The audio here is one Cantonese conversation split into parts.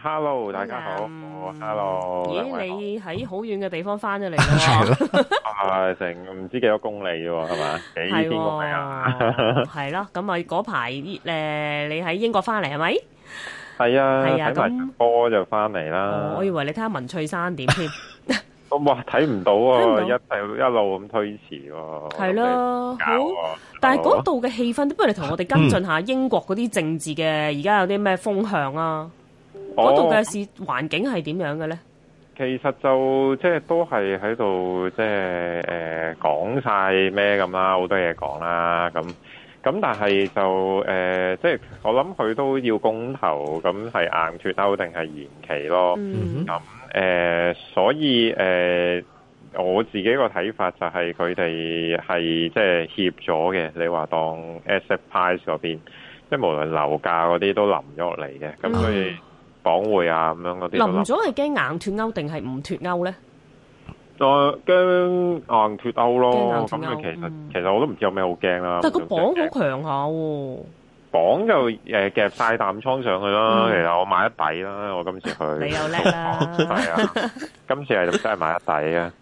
Hello，大家好。Hello，咦？你喺好遠嘅地方翻咗嚟咯。係咯，係成唔知幾多公里嘅係嘛？係英國嚟啊，係咯。咁啊，嗰排誒，你喺英國翻嚟係咪？係啊，咁波就翻嚟啦。我以為你睇下文翠珊點添。哇，睇唔到啊！一係一路咁推遲喎。係咯，好，但係嗰度嘅氣氛，不如你同我哋跟進下英國嗰啲政治嘅，而家有啲咩風向啊？嗰度嘅市、哦、環境係點樣嘅咧？其實就即係都係喺度即係誒、呃、講晒咩咁啦，好多嘢講啦咁咁，但係就誒、呃、即係我諗佢都要公投，咁係硬脱歐定係延期咯？咁、嗯、誒、嗯呃，所以誒、呃、我自己個睇法就係佢哋係即係協咗嘅。你話當 asset price 嗰邊，即係無論樓價嗰啲都臨咗落嚟嘅，咁佢。嗯港匯啊，咁樣嗰啲。林總係驚硬脫歐定係唔脫歐咧？誒，驚硬脫歐咯。咁其實其實我都唔知有咩好驚啦。但係個鎊好強下喎。鎊就誒夾晒啖倉上去啦。其實我買一底啦，我今次去。你又叻啦。係啊，今次係真係買一底啊。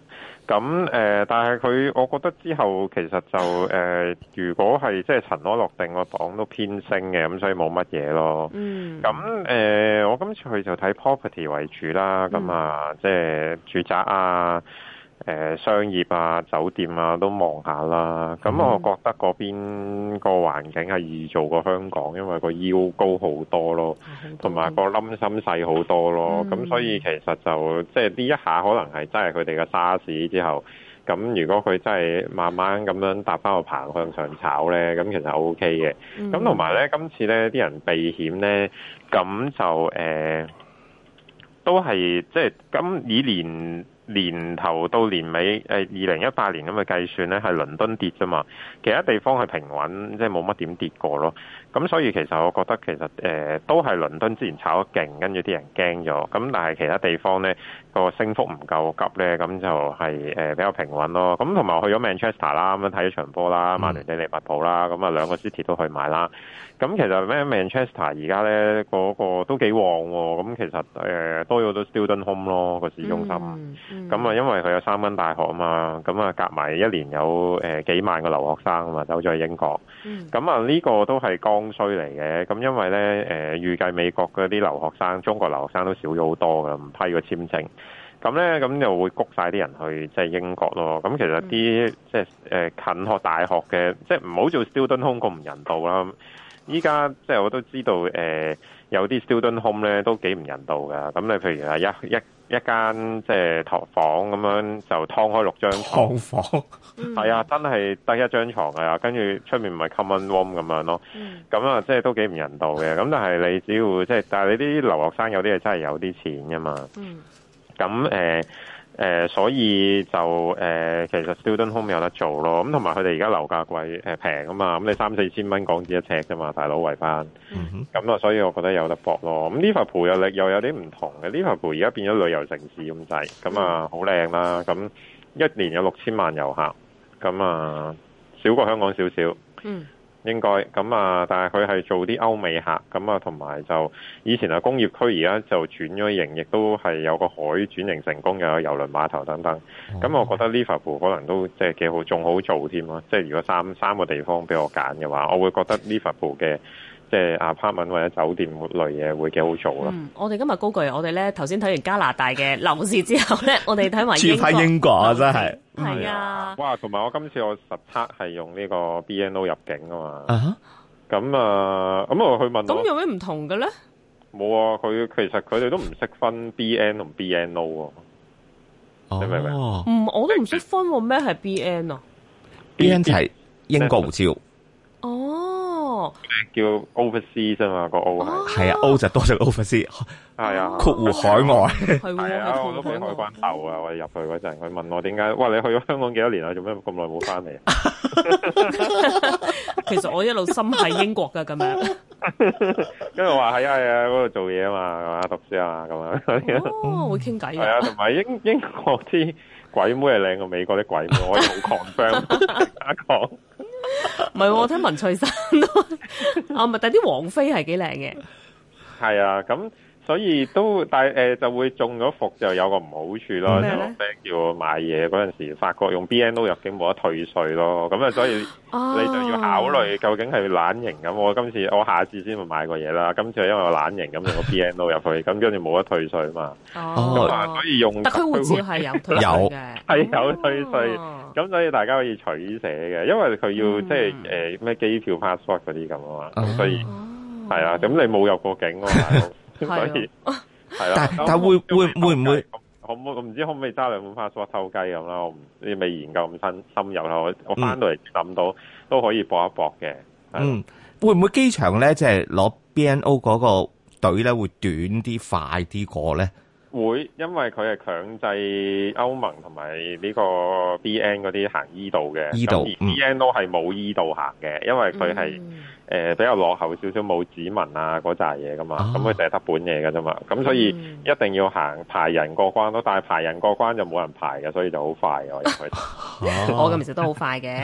咁誒、呃，但係佢，我覺得之後其實就誒、呃，如果係即係塵埃落定，個榜都偏升嘅，咁所以冇乜嘢咯。咁、嗯、誒、呃，我今次去就睇 property 為主啦，咁、嗯、啊，即係住宅啊。誒商業啊、酒店啊都望下啦，咁我覺得嗰邊個環境係易做過香港，因為個腰高好多咯，同埋個冧心細好多咯，咁所以其實就即係呢一下可能係真係佢哋嘅沙士之後，咁如果佢真係慢慢咁樣搭翻個棚向上炒呢，咁其實 OK 嘅，咁同埋呢，今次呢啲人避險呢，咁就誒、呃、都係即係咁以年。年頭到年尾，誒二零一八年咁嘅計算咧，係倫敦跌啫嘛，其他地方係平穩，即係冇乜點跌過咯。咁所以其實我覺得其實誒、呃、都係倫敦之前炒得勁，跟住啲人驚咗。咁但係其他地方咧個升幅唔夠急咧，咁就係、是、誒、呃、比較平穩咯。咁同埋我去咗 Manchester 啦，咁樣睇咗場波啦，曼聯對利物浦啦，咁啊兩個 City 都去買啦。咁其實咩 Manchester 而家咧嗰個都幾旺喎、哦。咁其實誒、呃、都有到 student home 咯個市中心。咁、嗯、啊，嗯、因為佢有三間大學啊嘛，咁啊，夾埋一年有幾萬個留學生啊嘛，走咗去英國。咁、嗯、啊，呢個都係剛需嚟嘅。咁因為咧、呃、預計美國嗰啲留學生、中國留學生都少咗好多㗎，唔批個簽證。咁咧咁就會谷晒啲人去即係、就是、英國咯。咁其實啲即係近學大學嘅，即係唔好做 student home 咁唔人道啦。依家即係我都知道，誒、呃、有啲 student home 咧都幾唔人道噶。咁你譬如係一一一間即係房房咁樣，就劏開六張床房。係啊，真係得一張床啊。跟住出面唔係 common room 咁樣咯。咁啊，即係都幾唔人道嘅。咁但係你只要即係，但係你啲留學生有啲係真係有啲錢噶嘛。咁誒。呃誒、呃，所以就誒、呃，其實 student home 有得做咯，咁同埋佢哋而家樓價貴平啊嘛，咁你三四千蚊港紙一尺啫嘛，大佬為翻，咁、mm、啊 -hmm. 嗯，所以我覺得有得搏咯。咁呢塊盤有力又有啲唔同嘅，呢塊盤而家變咗旅遊城市咁滯，咁啊好靚啦，咁一年有六千萬遊客，咁啊少過香港少少。Mm -hmm. 應該咁啊，但係佢係做啲歐美客，咁啊同埋就以前係工業區，而家就轉咗型，亦都係有個海轉型成功嘅遊輪碼頭等等。咁我覺得利物浦可能都即係幾好，仲好做添咯。即係如果三三個地方俾我揀嘅話，我會覺得利物浦嘅。即係 apartment 或者酒店類嘢會幾好做咯。嗯，我哋今日高舉我哋咧，頭先睇完加拿大嘅樓市之後咧， 我哋睇埋英國。住翻英國啊，真係。係、嗯、啊、嗯。哇，同埋我今次我實測係用呢個 BNO 入境啊嘛。咁、uh -huh? 呃、啊，咁我去問。咁有咩唔同嘅咧？冇啊，佢其實佢哋都唔識分 B N 同 B N O 啊、 哦。你明唔明？唔、嗯，我都唔識分喎。咩係 B N 啊？B N 係英國護照。叫 Overseas 啫嘛，個 O 係。係啊，O 就多咗 Overseas 係啊，括弧、啊、海外係啊， 啊，啊，啊湯湯，我都俾海關頭啊，我哋入去嗰陣佢問我點解，哇你去咗香港幾多年啊，做咩咁耐冇翻嚟啊？ 其實我一路心係英國噶咁樣，跟住話係啊係啊，嗰度做嘢啊，啊嘛，讀書啊咁樣。哦會傾偈啊，係啊，同 埋英英國啲鬼妹靚過美國啲鬼妹，我又好 confident 啊講。唔係，我聽文翠珊咯，啊咪，但係啲王菲係幾靚嘅，係啊，咁所以都，但係誒就會中咗伏，就有個唔好處咯。有個 friend 叫我買嘢嗰陣時，發覺用 BNO 入境冇得退稅咯，咁啊，所以你就要考慮究竟係懶型咁。我今次我下次先會買個嘢啦，今次係因為我懶型咁用 BNO 入去，咁跟住冇得退稅啊嘛。哦，咁啊，所以用特區護照係有退稅嘅，係有退稅。咁所以大家可以取捨嘅，因為佢要即係誒咩機票 passport 嗰啲咁啊嘛，咁所以係啊，咁你冇入過境，所以係啦。但但會會會唔會？可唔可唔知可唔可以揸兩本 passport 偷雞咁啦？我唔啲未研究咁深，深入下我我翻到嚟諗到，都可以搏一搏嘅。嗯，會唔會機場咧即係攞 BNO 嗰個隊咧會短啲快啲過咧？會，因為佢係強制歐盟同埋呢個 BN 嗰啲行 E 道嘅，咁而 BN 都係冇 E 道行嘅。嗯，因為佢係。誒、呃、比較落後少少冇指紋啊嗰扎嘢噶嘛，咁佢淨係得本嘢㗎啫嘛，咁、嗯、所以一定要行排人過關咯，但係排人過關就冇人排嘅，所以就，快就 快好快我入去。我咁其實都好快嘅，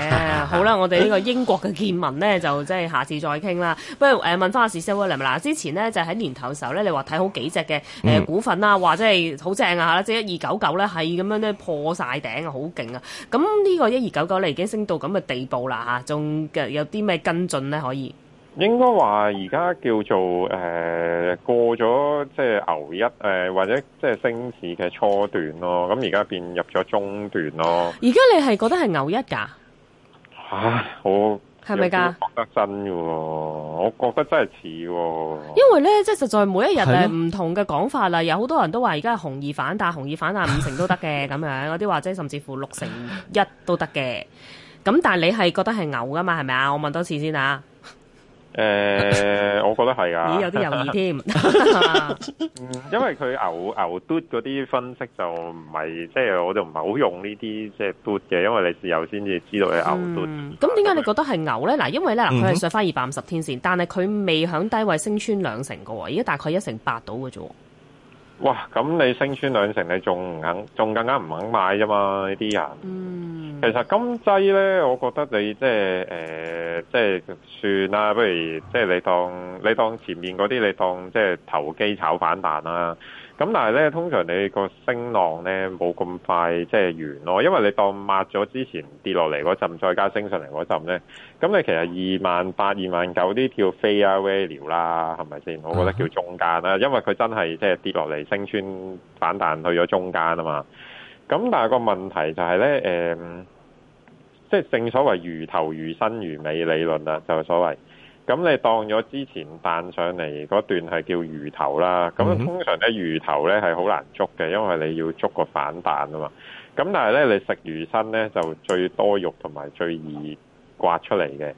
好啦，我哋呢個英國嘅見聞咧就即係下次再傾啦。不如誒、呃、問翻阿盧志威咪嗱，之前咧就喺年頭嘅時候咧，你話睇好幾隻嘅、呃、股份啦、啊，或者係好正啊，即係一二九九咧係咁樣咧破晒頂啊，好勁啊！咁呢個一二九九你已經升到咁嘅地步啦吓，仲有啲咩跟進咧可以？應該話而家叫做誒、呃、過咗即係牛一誒、呃、或者即係升市嘅初段咯，咁而家變入咗中段咯。而家你係覺得係牛一噶？唉、啊，好，係咪噶？覺得真嘅，我覺得真係似喎。因為咧，即係實在每一日誒唔同嘅講法啦。有好多人都話而家係紅二反彈，紅二反彈五成都得嘅，咁 樣有啲話即係甚至乎六成一都得嘅。咁但係你係覺得係牛噶嘛？係咪啊？我問多次先啊！誒、呃，我覺得係啊，有啲猶豫添。 因為佢牛牛嘟嗰啲分析就唔係，即、就、係、是、我就唔係好用呢啲即係嘟嘅，因為你事後先至知道你牛嘟、嗯。o 咁點解你覺得係牛咧？嗱，因為咧佢、呃、上返二百五十天線，但係佢未響低位升穿兩成個，而家大概一成八到嘅啫。哇！咁你升穿兩成，你仲唔肯？仲更加唔肯買啫嘛！呢啲人，嗯，其實金劑呢，我覺得你即係誒，即係算啦，不如即係你當你當前面嗰啲，你當即係投機炒反彈啦、啊。咁但係咧，通常你個聲浪咧冇咁快即係完咯，因為你當抹咗之前跌落嚟嗰陣，再加上升上嚟嗰陣咧，咁你其實二萬八、二萬九啲叫飛啊 v l u 啦，係咪先？我覺得叫中間啦，因為佢真係即係跌落嚟升穿反彈去咗中間啊嘛。咁但係個問題就係咧，誒、呃，即、就、係、是、正所謂如頭如身如尾理論啦，就係、是、所謂。咁你當咗之前彈上嚟嗰段係叫魚頭啦。咁通常咧魚頭咧係好難捉嘅，因為你要捉個反彈啊嘛。咁但係咧你食魚身咧就最多肉同埋最易刮出嚟嘅。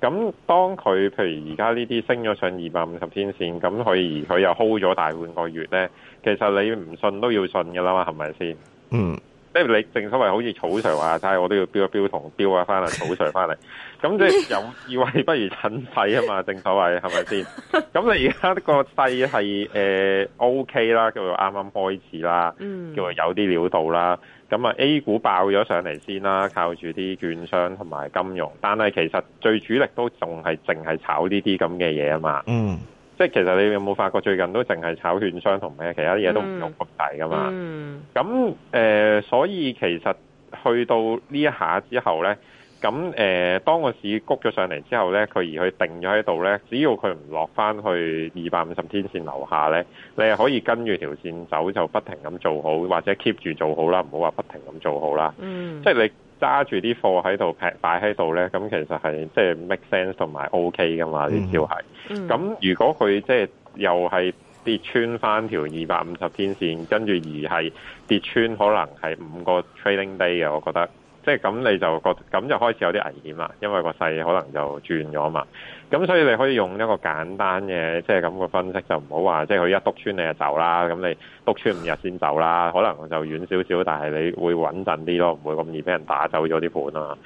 咁當佢譬如而家呢啲升咗上二百五十天線，咁佢而佢又 hold 咗大半個月咧，其實你唔信都要信㗎喇嘛，係咪先？嗯。即係你正所謂好似草蛇，話齋，我都要標一標同標啊，翻嚟草蛇翻嚟。咁即係有智慧不如趁勢啊嘛，正所謂係咪先？咁你而家個勢係誒 OK 啦，叫做啱啱開始啦，嗯、叫做有啲料到啦。咁啊 A 股爆咗上嚟先啦，靠住啲券商同埋金融，但係其實最主力都仲係淨係炒呢啲咁嘅嘢啊嘛。嗯。即係其實你有冇發覺最近都淨係炒券商同咩其他嘢都唔用谷曬噶嘛，嗯？咁、嗯、誒、呃，所以其實去到呢一下之後咧，咁、呃、誒當個市谷咗上嚟之後咧，佢而去定咗喺度咧，只要佢唔落翻去二百五十天線樓下咧，你係可以跟住條線走就不停咁做好，或者 keep 住做好啦，唔好話不停咁做好啦。嗯，即係你。揸住啲貨喺度擺喺度咧，咁其實係即係 make sense 同埋 OK 噶嘛，啲消係。咁如果佢即係又係跌穿返條二百五十天線，跟住而係跌穿，可能係五個 trading day 嘅，我覺得。即係咁，你就覺，咁就開始有啲危險啦，因為個勢可能就轉咗嘛。咁所以你可以用一個簡單嘅即係咁嘅分析，就唔好話即係佢一篤穿你就走啦。咁你篤穿五日先走啦，可能就遠少少，但係你會穩陣啲咯，唔會咁易俾人打走咗啲盤啊。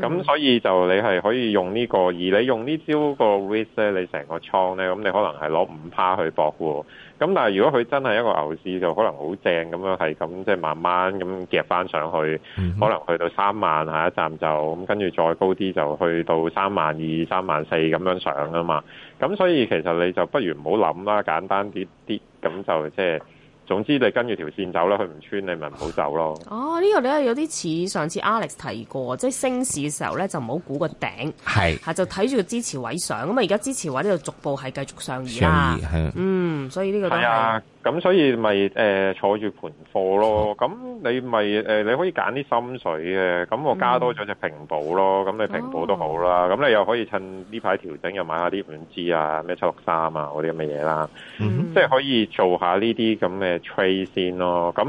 咁所以就你係可以用呢個，而你用呢招個 risk 咧，你成個倉咧，咁你可能係攞五趴去搏喎。咁但係如果佢真係一個牛市就可能好正，咁樣係咁即係慢慢咁夾翻上去，可能去到三萬下一站就咁跟住再高啲就去到三萬二、三萬四咁樣上啊嘛。咁所以其實你就不如唔好諗啦，簡單啲啲咁就即係。總之你跟住條線走啦，佢唔穿你咪唔好走咯。哦、啊，呢、呢個咧有啲似上次 Alex 提過，即係升市嘅時候咧就唔好估個頂，係，就睇住個支持位上。咁啊而家支持位呢就逐步係繼續上移啦。嗯，所以呢個都係。咁所以咪誒、呃、坐住盤貨咯，咁你咪誒、呃、你可以揀啲心水嘅，咁我加多咗隻平保咯，咁、mm -hmm. 你平保都好啦，咁、oh. 你又可以趁呢排調整又買下啲 5G 啊，咩七六三啊嗰啲咁嘅嘢啦，即、mm、係 -hmm. 可以做下呢啲咁嘅 trade 先咯。咁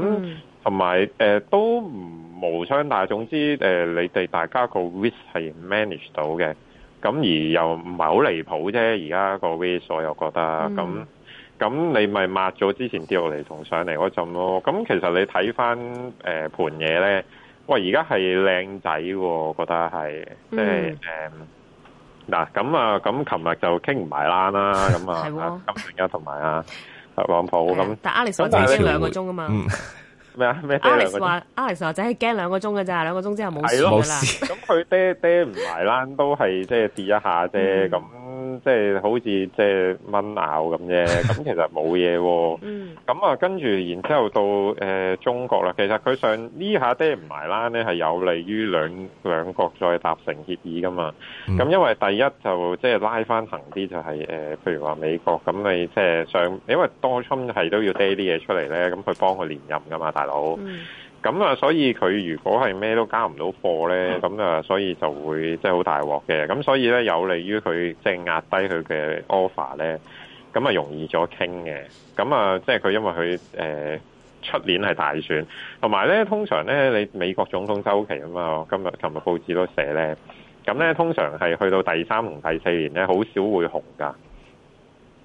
同埋誒都無傷大，總之誒、呃、你哋大家個 risk 係 manage 到嘅，咁而又唔係好離譜啫。而家個 risk 我又覺得咁。Mm -hmm. 咁你咪抹咗之前跌落嚟同上嚟嗰陣咯。咁其實你睇翻誒盤嘢咧，喂而家係靚仔喎，覺得係即係誒嗱咁啊。咁琴日就傾唔埋欄啦。咁啊，金正恩同埋啊特朗普咁。但 Alex 話已經兩個鐘啊嘛。咩啊？Alex 話，Alex 話仔係驚兩個鐘嘅咋，兩個鐘之後冇事噶啦。咁佢跌跌唔埋欄都係即係跌一下啫。咁。即係好似即係蚊咬咁啫，咁其實冇嘢喎。咁啊，跟住然之後到誒中國啦，其實佢 上呢下跌唔埋啦，咧係有利於兩兩國再達成協議噶嘛。咁 因為第一就即係拉翻行啲，就係誒、就是，譬如話美國咁，你即係想，因為特朗普係都要跌啲嘢出嚟咧，咁佢幫佢連任噶嘛，大佬。 咁啊，所以佢如果係咩都交唔到貨咧，咁、嗯、啊，所以就會即係好大鑊嘅。咁、就是、所以咧，有利於佢即係壓低佢嘅 offer 咧，咁啊，容易咗傾嘅。咁啊，即係佢因為佢誒出年係大選，同埋咧通常咧你美國總統週期啊嘛，我今日琴日報紙都寫咧，咁咧通常係去到第三同第四年咧，好少會紅噶。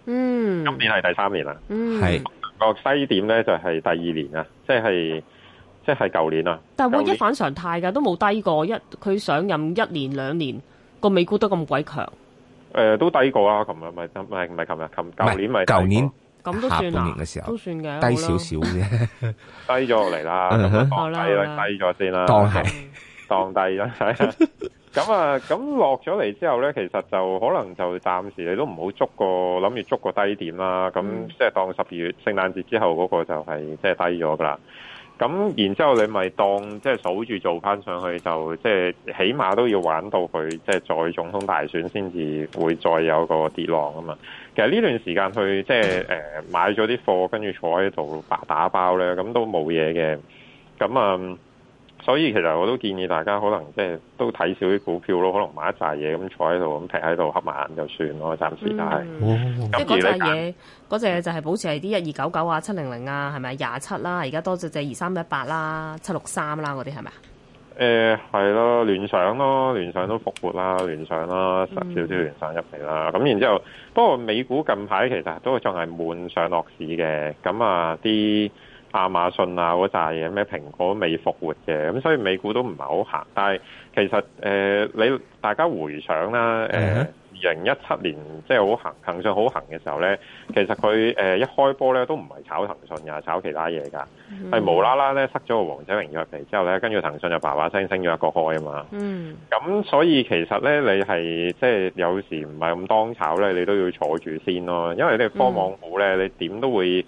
嗯，今年係第三年啦。嗯，係、嗯、個西點咧就係、是、第二年啦，即係。即係舊年啊！但係會一反常態嘅，都冇低過一佢上任一年兩年個美股都咁鬼強。誒，都低過啦，琴日咪，唔係唔係，唔係琴日，琴舊年，唔係舊年，咁都算啊。年嘅時候都算嘅，低少少啫，低咗落嚟啦。係啦，低咗先啦。當係當低咗係。咁啊，咁落咗嚟之後咧，其實就可能就暫時你都唔好捉個，諗住捉個低點啦。咁即係當十二月聖誕節之後嗰個就係即係低咗噶啦。咁，然之後你咪當即係、就是、數住做翻上去，就即係、就是、起碼都要玩到佢，即、就、係、是、再總統大選先至會再有個跌浪啊嘛。其實呢段時間去即係誒買咗啲貨，跟住坐喺度打打包咧，咁都冇嘢嘅。咁啊～、嗯所以其實我都建議大家可能即係都睇少啲股票咯，可能買一紮嘢咁坐喺度咁劈喺度，合埋眼就算咯，暫時都係。咁嗰扎嘢，嗰隻嘢就係保持係啲一二九九啊、七零零啊，係咪廿七啦？而家多隻隻二三一八啦、七六三啦嗰啲係咪啊？誒係咯，聯想咯，聯想都復活啦，聯想啦，十少少聯想入嚟啦。咁、嗯、然之後，後，不過美股近排其實都仲係滿上落市嘅。咁啊啲。亞馬遜啊嗰扎嘢咩蘋果未復活嘅，咁所以美股都唔係好行。但係其實誒、呃、你大家回想啦，誒二零一七年即係好行騰訊好行嘅時候咧，其實佢誒、呃、一開波咧都唔係炒騰訊呀，炒其他嘢㗎，係、嗯、無啦啦咧塞咗個王者榮耀入嚟之後咧，跟住騰訊就爸爸聲升咗一個開啊嘛。咁、嗯、所以其實咧你係即係有時唔係咁當炒咧，你都要坐住先咯，因為啲科網股咧你點都會。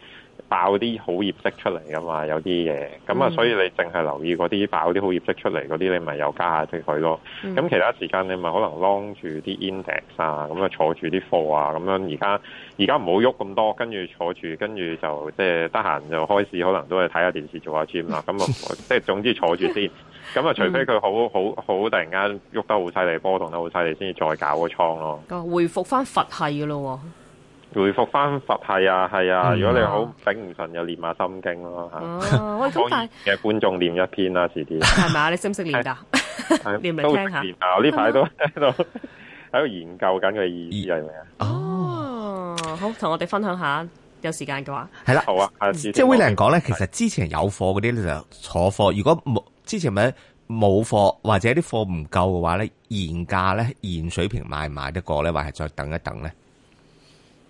爆啲好業績出嚟噶嘛，有啲嘢咁啊，嗯、所以你淨係留意嗰啲爆啲好業績出嚟嗰啲，你咪又加下啲佢咯。咁、嗯、其他時間你咪可能 long 住啲 index 啊，咁啊坐住啲貨啊，咁樣而家而家唔好喐咁多，跟住坐住，跟住就即係得閒就開始，可能都係睇下電視做下 gym 啦。咁 啊，即、就、係、是、總之坐住先。咁啊，除非佢好好好，好突然間喐得好犀利，波動得好犀利，先至再搞個倉咯。回復翻佛系噶咯喎！回復翻佛系啊，係啊！如果你好頂唔順，又念下心經咯吓、啊啊。喂，咁快嘅觀眾念一篇啦，遲啲係咪？你識唔識念噶？念嚟聽下。 以前 我呢排都喺度喺度研究緊佢意思係咪啊？哦，好，同我哋分享下。有時間嘅話，係啦、啊，好啊。下次即係 William 講呢，講咧、啊，其實之前有貨嗰啲咧就坐貨、啊。如果冇之前咪冇貨，或者啲貨唔夠嘅話咧，現價咧現水平買唔買得過咧，還是再等一等咧？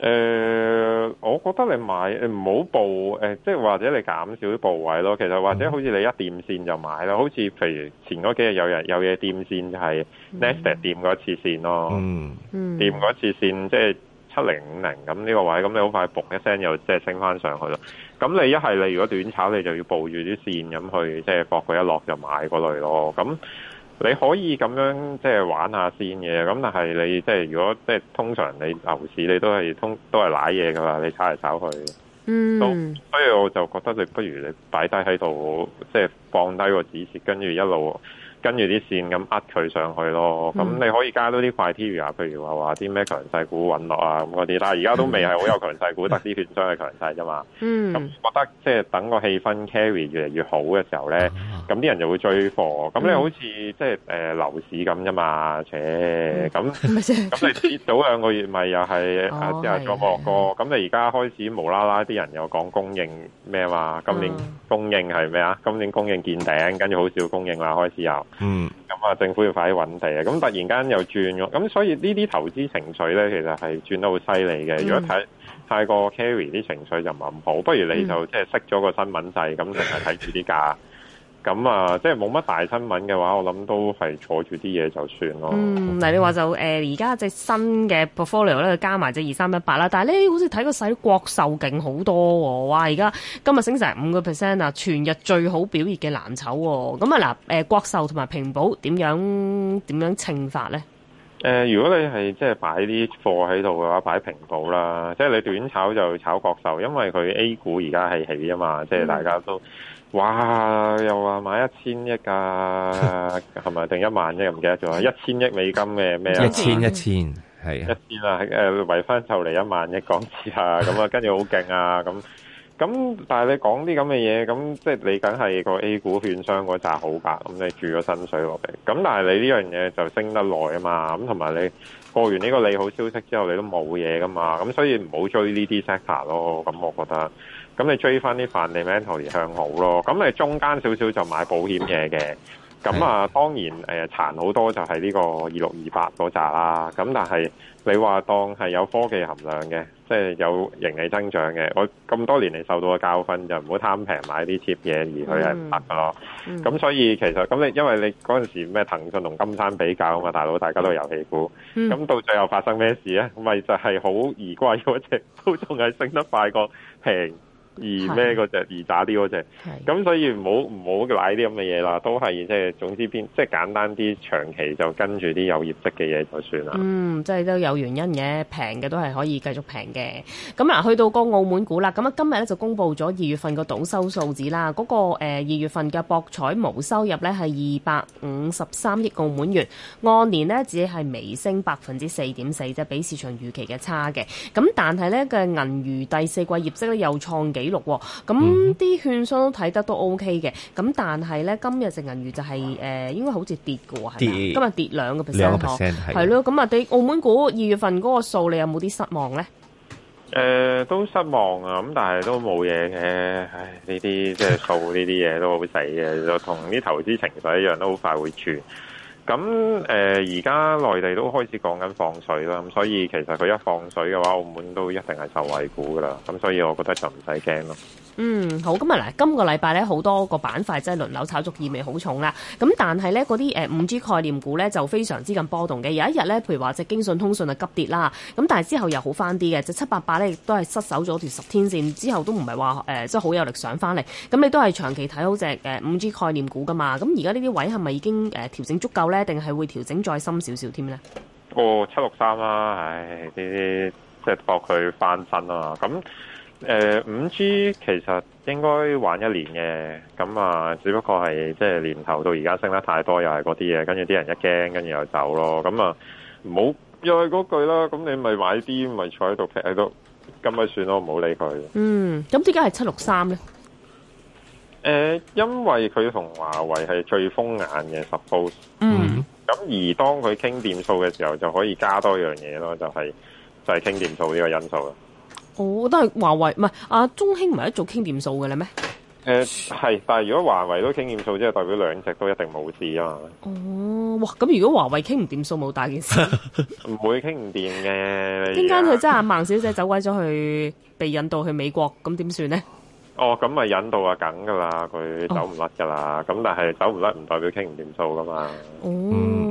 誒、呃，我覺得你買唔好佈誒，即係或者你減少啲部位咯。其實或者好似你一掂線就買囉。好似譬如前嗰幾日有人有嘢掂線就係 Nasdaq 掂嗰次線咯。嗯嗯，掂嗰次線即係七零五零咁呢個位，咁你好快嘣一聲又即係升返上去咯。咁你一係你如果短炒，你就要佈住啲線咁去，即係搏佢一落就買嗰類咯。咁你可以咁樣即係玩下先嘅，咁但係你即係，如果即係，通常你牛市你都係通都係瀨嘢噶啦，你炒嚟炒去，嗯，都。所以我就覺得你不如你擺低喺度即係，就是放低個止蝕，跟住一路跟住啲線咁扼佢上去咯。咁、嗯、你可以加多啲快 T 啊，譬如話話啲咩強勢股揾落啊咁嗰啲。但而家都未係好有強勢股， 得啲券商嘅強勢啫嘛。嗯。咁覺得即係等個氣氛 carry 越嚟越好嘅時候咧，咁啲人就會追貨。咁你好似、嗯、即係誒、呃、樓市咁啫嘛，且咁咁你跌到兩個月咪又係啊跌下咗個個，咁、哦、你而家開始無啦啦啲人又講供應咩話？今年供應係咩啊？今年供應。見頂，跟住好少供應啦，開始有，嗯，咁、嗯、啊，政府要快啲搵地啊，咁突然間又轉咗，咁、嗯嗯、所以呢啲投資情緒咧，其實係轉得好犀利嘅。如果睇太過 carry 啲情緒就唔係咁好，不如你就即係識咗個新聞制，咁淨係睇住啲價。咁啊，即係冇乜大新聞嘅話，我諗都係坐住啲嘢就算咯。嗯，嗱，你話就誒，而家隻新嘅 portfolio 咧，加埋隻二三一八啦。但係咧，好似睇個洗國壽勁好多喎、哦！哇，而家今日升成五個 percent 啊，全日最好表現嘅藍籌。咁啊，嗱、呃，誒國壽同埋平保點樣點樣稱法咧？誒、呃，如果你係即係擺啲貨喺度嘅話，擺平保啦。即係你短炒就炒國壽，因為佢 A 股而家係起啊嘛，嗯、即係大家都。哇！又話買一千億啊，係咪定一萬億？唔記得咗，一千億美金嘅咩？一千一千係、啊、一千啊！誒圍翻就嚟一萬億港紙啊！咁 啊，跟住好勁啊！咁咁，但係你講啲咁嘅嘢，咁即係你梗係個 A 股券商嗰扎好㗎。咁你住咗薪水落嚟，咁但係你呢樣嘢就升得耐啊嘛。咁同埋你。過完呢個利好消息之後，你都冇嘢噶嘛，咁所以唔好追呢啲 sector 咯。咁我覺得，咁你追翻啲 fundamental 而向好咯。咁你中間少少就買保險嘢嘅。咁啊，當然誒、呃、殘好多就係呢個二六二八嗰扎啦。咁但係你話當係有科技含量嘅，即、就、係、是、有盈利增長嘅，我咁多年嚟受到嘅教訓就唔好貪平買啲 cheap 嘢，而佢係唔得㗎咯。咁、嗯、所以其實咁你因為你嗰陣時咩騰訊同金山比較啊嘛，大佬大家都遊戲股，咁、嗯、到最後發生咩事呢？咪就係好而貴嗰隻都仲係升得快過平。而咩嗰隻，而打啲嗰隻，咁所以唔好唔好奶啲咁嘅嘢啦，都係即係，總之邊即係簡單啲，長期就跟住啲有業績嘅嘢就算啦。嗯，即係都有原因嘅，平嘅都係可以繼續平嘅。咁啊，去到個澳門股啦，咁啊今日咧就公布咗二月份個賭收數字啦。嗰個誒二月份嘅博彩毛收入咧係二百五十三億澳門元，按年咧只係微升百分之四點四啫，比市場預期嘅差嘅。咁但係咧嘅銀娛第四季業績咧又創記錄，咁啲券商，都睇得都 O K 嘅，咁但係咧今日成銀餘就係、是、誒、呃，應該好似跌過，係咪？今日跌兩個 percent，係咯，咁啊，你澳門股二月份嗰個數，你有冇啲失望咧？誒、呃，都失望啊，咁但係都冇嘢嘅，唉，呢啲即係數呢啲嘢都好細嘅，就同啲投資情緒一樣，都好快會轉。咁誒，而家內地都開始講緊放水啦，咁所以其實佢一放水嘅話，澳門都一定係受惠股噶啦，咁所以我覺得就唔使驚咯。嗯，好，咁啊嗱，今個禮拜咧，好多個板塊真係輪流炒作，意味好重啦。咁但係咧，嗰啲誒五 G 概念股咧就非常之咁波動嘅。有一日咧，譬如話隻京信通訊啊急跌啦，咁但係之後又好翻啲嘅。就七八八咧亦都係失守咗條十天線，之後都唔係話誒，即係好有力想翻嚟。咁你都係長期睇好隻誒五 G 概念股噶嘛？咁而家呢啲位係咪已經誒調整足夠咧？定係會調整再深少少添咧？哦，七六三啦、啊，唉，呢啲即係博佢翻身啦、啊、咁。誒、呃，五 G 其實應該玩一年嘅，咁啊，只不過係即係年頭到而家升得太多又，又係嗰啲嘢，跟住啲人一驚，跟住又走咯。咁啊，唔好又係嗰句啦。咁你咪買啲，咪坐喺度劈喺度，咁咪算咯，唔好理佢。嗯，咁點解係七六三咧？誒、呃，因為佢同華為係最風眼嘅，suppose。嗯。咁而當佢傾掂數嘅時候，就可以加多樣嘢咯，就係、是、就係、是、傾掂數呢個因素啦。哦，都係華為唔係阿中興唔係一早傾掂數嘅喇咩？誒係，但係如果華為都傾掂數，即係代表兩隻都一定冇事啊嘛。哦，哇！咁如果華為傾唔掂數，冇大件事。唔會傾唔掂嘅。聽間佢真係孟小姐走鬼咗去，被引渡去美國，咁點算咧？哦，咁咪引渡阿梗噶啦，佢走唔甩噶啦。咁但係走唔甩唔代表傾唔掂數噶嘛。哦。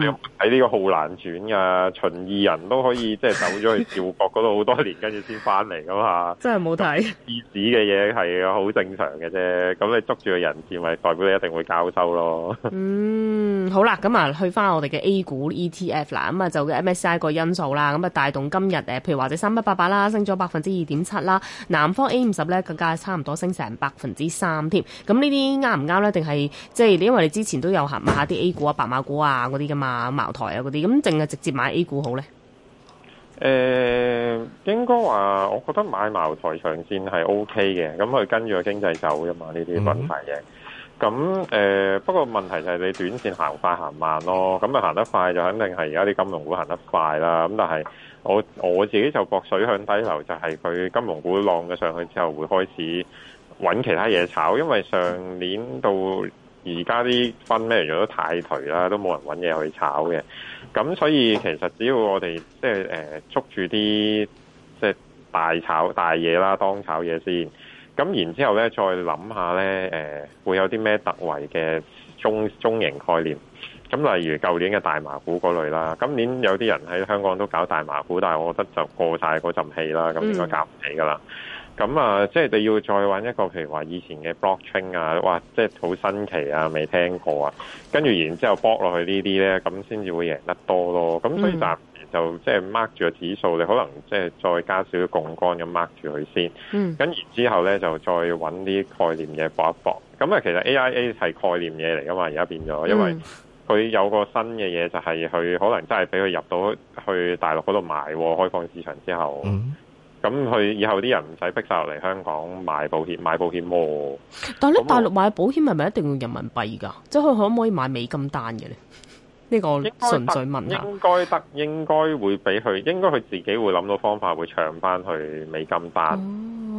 你又睇呢個《皓鑭傳》啊噶？秦異人都可以即係走咗去趙國嗰度好多年，跟住先翻嚟噶嘛？真係冇睇二子嘅嘢係好正常嘅啫。咁你捉住個人字，咪代表你一定會交收咯。嗯，好啦，咁啊，去翻我哋嘅 A 股 ETF 啦，咁啊就 MSCI 個因素啦，咁啊帶動今日誒，譬如或者三一八八啦，升咗百分之二點七啦。南方 A 五十咧更加差唔多升成百分之三添。咁呢啲啱唔啱咧？定係即係因為你之前都有買下啲 A 股啊、白馬股啊嗰啲噶嘛？啊，茅台啊，嗰啲咁，淨係直接買 A 股好咧？誒，應該話，我覺得買茅台長線係 OK 嘅，咁佢跟住個經濟走㗎嘛，呢啲問題嘅。咁誒，不過問題就係你短線行快行慢咯。咁啊，行得快就肯定係而家啲金融股行得快啦。咁但係我我自己就博水向低流，就係佢金融股浪嘅上去之後，會開始揾其他嘢炒，因為上年到。而家啲分咩，如果太頹啦，都冇人揾嘢去炒嘅。咁所以其實只要我哋即係誒捉住啲即係大炒大嘢啦，當炒嘢先。咁然之後呢，再諗下呢誒、呃，會有啲咩特為嘅中中型概念。咁例如舊年嘅大麻股嗰類啦，今年有啲人喺香港都搞大麻股，但係我覺得就過晒嗰陣氣啦，咁應該搞唔起㗎啦。嗯。咁啊，即係你要再揾一個，譬如話以前嘅 blockchain 啊，哇，即係好新奇啊，未聽過啊，跟住然之後搏落去呢啲呢，咁先至會贏得多咯。咁所以暫時就即係 Mark 住個指數，你可能即係再加少少槓杆咁 Mark 住佢先。嗯。咁然之後呢，就再揾啲概念嘢搏一搏。咁啊，其實 AIA 係概念嘢嚟噶嘛，而家變咗，因為佢有個新嘅嘢就係、是、佢可能真係俾佢入到去大陸嗰度賣開放市場之後。嗯。咁佢以後啲人唔使逼晒入嚟香港買保險買保險喎、哦。但係咧大陸買保險係咪一定要人民幣㗎？即係佢可唔可以買美金單嘅咧？呢、呢個純粹問應該得應該得，應該會俾佢，應該佢自己會諗到方法，會唱翻去美金單、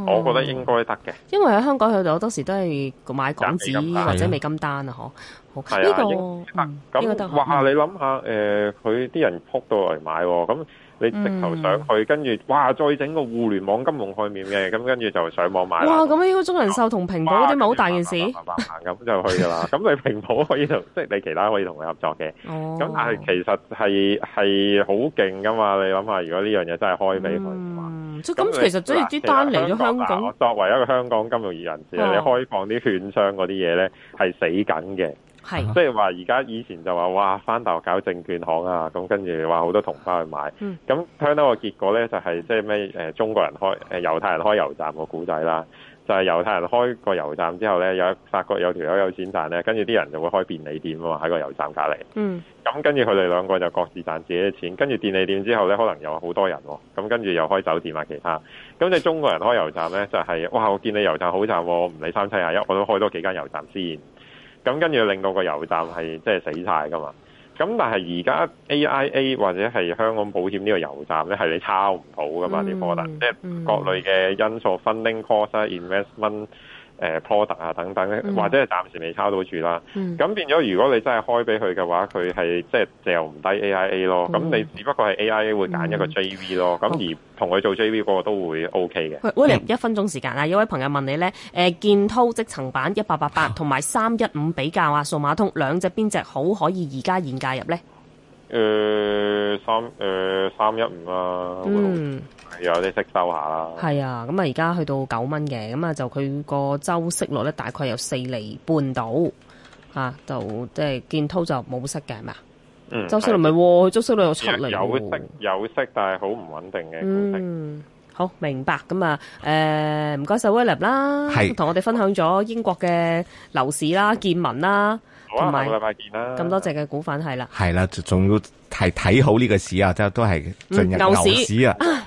哦。我覺得應該得嘅。因為喺香港佢哋好多時都係買港紙或者美金單啊，嗬、嗯。係啊、這個，應該、嗯、得,得，哇！嗯、你諗下，佢、呃、啲人撲到嚟買喎、哦，咁。你直頭上去，跟住哇，再整個互聯網金融概念嘅，咁跟住就上網買。哇！咁呢個中人壽同平保嗰啲咪好大件事？行行行，咁就去噶啦。咁 你平保可以同，即係你其他可以同佢合作嘅。哦。咁但係其實係係好勁噶嘛？你諗下，如果呢樣嘢真係開俾佢。嗯咁其實即係啲單嚟咗香港，啊香港啊。我作為一個香港金融業人士，啊，你開放啲券商嗰啲嘢咧，係死緊嘅。係，啊，即係話而家以前就話哇，返大陸搞證券行啊，咁跟住話好多同胞去買。嗯。咁香港個結果咧，就係即係咩？中國人開誒、呃、猶太人開油站個古仔啦。就係猶太人開個油站之後呢，發覺有法國有條友有錢賺呢，跟住啲人就會開便利店啊嘛，喺個油站隔離。嗯。咁跟住佢哋兩個就各自賺自己嘅錢，跟住便利店之後呢，可能有好多人喎，咁跟住又開酒店啊其他。咁你中國人開油站呢，就係哇！我見你油站好賺喎，唔理三七廿一，我都開多幾間油站先。咁跟住令到個油站係即係死晒噶嘛。咁但係而家 AIA 或者係香港保險呢個油站，呢係你抄唔到㗎嘛，啲可能即係各類嘅因素、嗯、funding cost investment 誒 product 啊等等或者係暫時未抄到住啦。咁、嗯、變咗，如果你真係開俾佢嘅話，佢係即係掉唔低 AIA 咯、嗯。咁你只不過係 AIA 會揀一個 JV 咯、嗯。咁而同佢做 JV 個都會 OK 嘅。William、嗯、一分鐘時間啊！有位朋友問你呢，誒、呃、建滔積層板一八八八同埋三一五比較啊，數碼通兩隻邊隻好可以而家現價入呢？誒三誒三一五啊！嗯。.有啲息收下啦，係啊，咁、嗯、啊，而家去到九蚊嘅，咁啊，就佢個周息率咧，大概有四厘半到，吓，就即係建滔就冇息嘅，係嘛，嗯，周息率咪，佢、嗯、周息率有七厘，有息，有息，但係好唔穩定嘅，嗯，好明白，咁啊，誒、呃，唔該晒 William 啦，係同我哋分享咗英國嘅樓市啦、見聞啦，好啊，下個禮拜見啦，咁多隻嘅股份係啦，係啦，仲、啊、要係睇好呢個市啊，都都係進入牛市啊。嗯